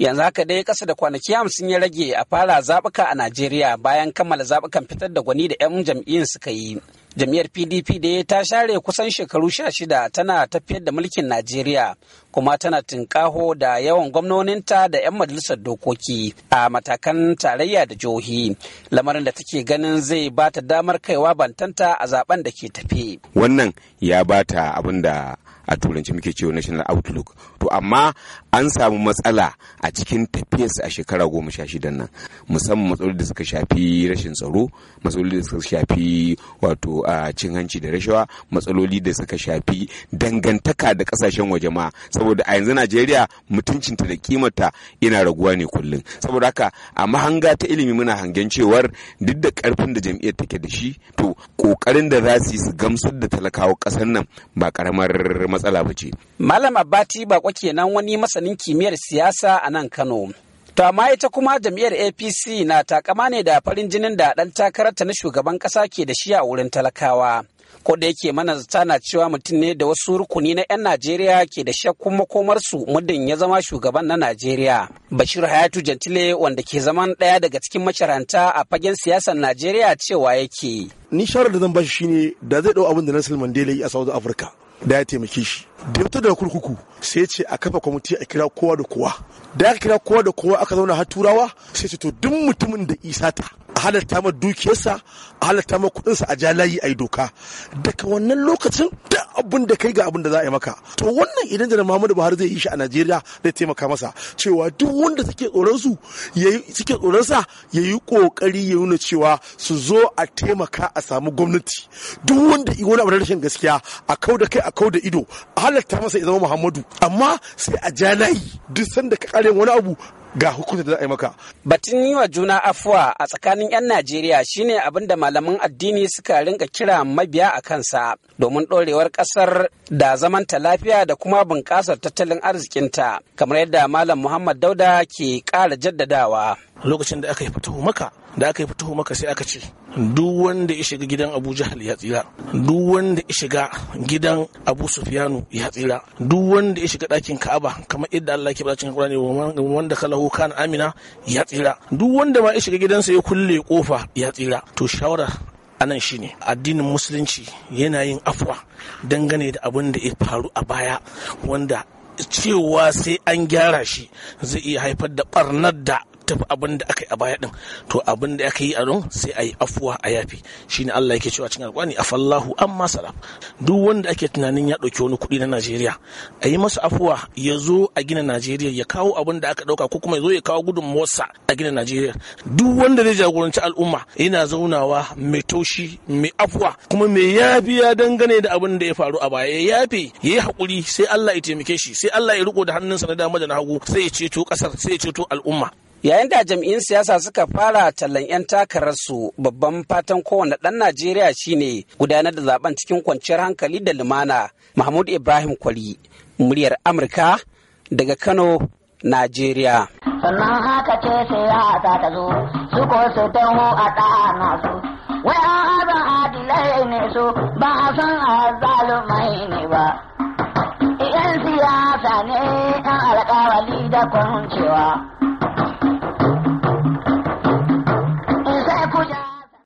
yanzu haka dai kasa da kwanaki hamsin ya rage a fara zaɓuka a najeriya bayan kammala zaɓukan fitar da gwani da 'yan jam'iyyun suka yi jam'iyyar pdp da ta share kusan shekaru sha shida tana tafiyar da mulkin najeriya kuma tana tinkaho da yawan gwamnoninta da 'yan majalisar dokoki a matakan tarayya da jihohi lamarin da take ganin zai ba ta damar kaiwa bantanta a zaben da ke tafe wannan ya bata ta abin da a turanci muke cewa national outlook to amma an samu matsala a cikin tafiyarsa a shekara goma sha shidan nan musamman matsaloli da suka shafi rashin tsaro matsaloli da suka shafi wato a cin hanci da rashawa matsaloli da suka shafi dangantaka da kasashen waje ma saboda a yanzu najeriya mutuncinta da kimarta yana raguwa ne kullum saboda haka a mahanga ta ilimi muna hangen cewar duk da karfin da jam'iyyar take da shi to kokarin da za su yi su gamsar da talakawa kasar nan ba karamar matsala ba ce. Malam Abati Bako kenan wani masanin kimiyyar siyasa a nan Kano. To amma ita kuma jam'iyyar APC na takama ne da farin jinin da ɗan takararta na shugaban ƙasa ke da shi a wurin talakawa. Ko da yake manazata na cewa mutum ne da wasu rukuni na 'yan Najeriya ke da shakkun makomarsu muddin ya zama shugaban na Najeriya. Bashir Hayatu Jantile wanda ke zaman ɗaya daga cikin macaranta a fagen siyasar Najeriya cewa yake. Ni shawarar da zan bashi ne da zai ɗau abin da Nelson Mandela yi a South Africa. da ya taimake shi da fito daga kurkuku sai ce a kafa kwamiti a kira kowa da kowa da aka kira kowa da kowa aka zauna har turawa sai ce to duk mutumin da isa ta a halatta ma dukiyarsa a halatta ma kuɗinsa a jalayi a yi doka daga wannan lokacin da abin da kai ga abin da za a yi maka to wannan idan jana Muhammadu Buhari zai yi shi a Najeriya zai taimaka masa cewa duk wanda suke tsoron su yi suke tsoron sa yayi kokari ya nuna cewa su zo a taimaka a samu gwamnati duk wanda i wani abu rashin gaskiya a kau da kai a kau da ido a halatta masa ya zama Muhammadu amma sai a jalayi duk sanda ka kare wani abu ga hukunta da za a yi maka. Batun yi wa juna afuwa a tsakanin 'yan Najeriya shine abin da malaman addini suka rinka kira mabiya a kansa domin ɗorewar ƙasar da zamanta lafiya da kuma bunƙasar tattalin arzikinta kamar yadda Malam Muhammad Dauda ke ƙara jaddadawa. Lokacin da aka yi fatahu maka da aka yi fito maka sai aka ce duk wanda ya shiga gidan abu jahal ya tsira duk wanda ya shiga gidan abu sufiyanu ya tsira duk wanda ya shiga ɗakin ka'aba kamar idda allah ke bacin kurani wanda kalahu kan amina ya tsira duk wanda ma ya shiga gidansa ya kulle kofa ya tsira to shawara anan shine addinin musulunci yana yin afwa dangane da abin da ya faru a baya wanda cewa sai an gyara shi zai iya haifar da barnar da tafi abin da aka yi a baya din to abin da aka yi a don sai a yi afuwa a yafi Shi ne Allah yake cewa cikin alƙwani afallahu amma salaf duk wanda ake tunanin ya ɗauki wani kuɗi na Najeriya a yi masa afuwa ya zo a gina Najeriya ya kawo abin da aka ɗauka ko kuma ya zo ya kawo gudun Motsa a gina Najeriya duk wanda zai jagoranci al'umma yana zaunawa mai taushi mai afuwa kuma mai yafi ya dangane da abin da ya faru a baya ya yafi ya yi haƙuri sai Allah ya taimake shi sai Allah ya riko da hannunsa na dama da na hagu sai ya ceto ƙasar sai ya ceto al'umma Yayin da jam'in siyasa suka fara tallan 'yan takararsu babban fatan kowane ɗan Najeriya shine gudanar da zaben cikin kwanciyar hankali da lumana. Mahmud Ibrahim Kwali, muryar Amurka daga Kano, Najeriya. Sannan haka ce siyasa ta zo, su ko su taho a ɗana su. Wai an azan adilai ne su, ba a san azalumai ne ba. Iyan siyasa ne, an alƙawali da kwancewa.